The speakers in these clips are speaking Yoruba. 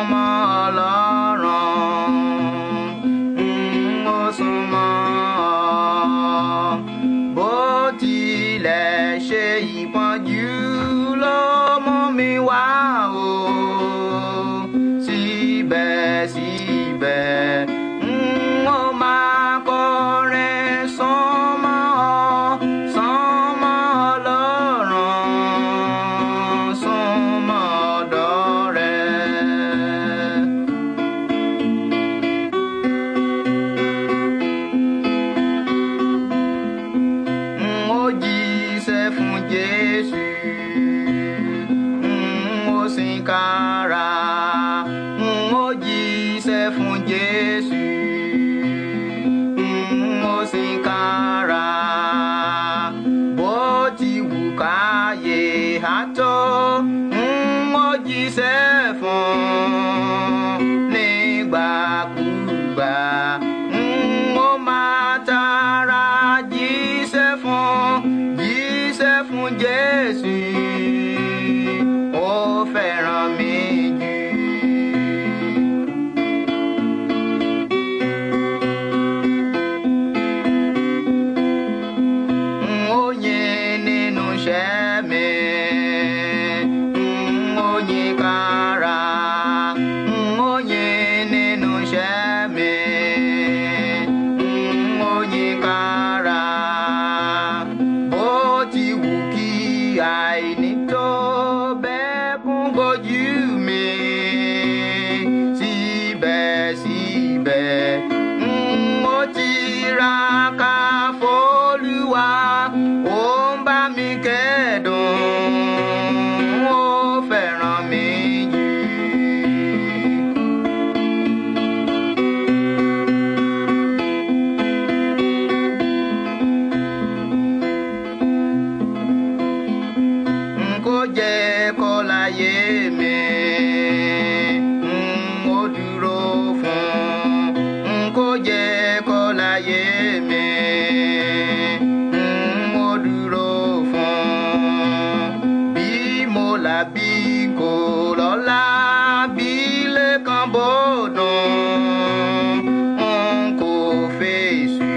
ọmọ ọlọ́run n ó súnmọ́ ọ bó tilẹ̀ ṣe ìpọ́njú ló mi wá. kára n ó jíṣẹ́ fún Jésù n ó sì kára bó ti wù káyé àtọ́. में Alábí kò lọ́lá bí lẹ́kàn bó dùn n kò fèsì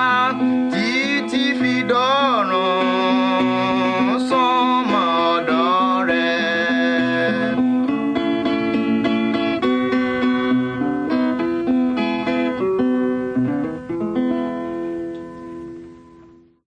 n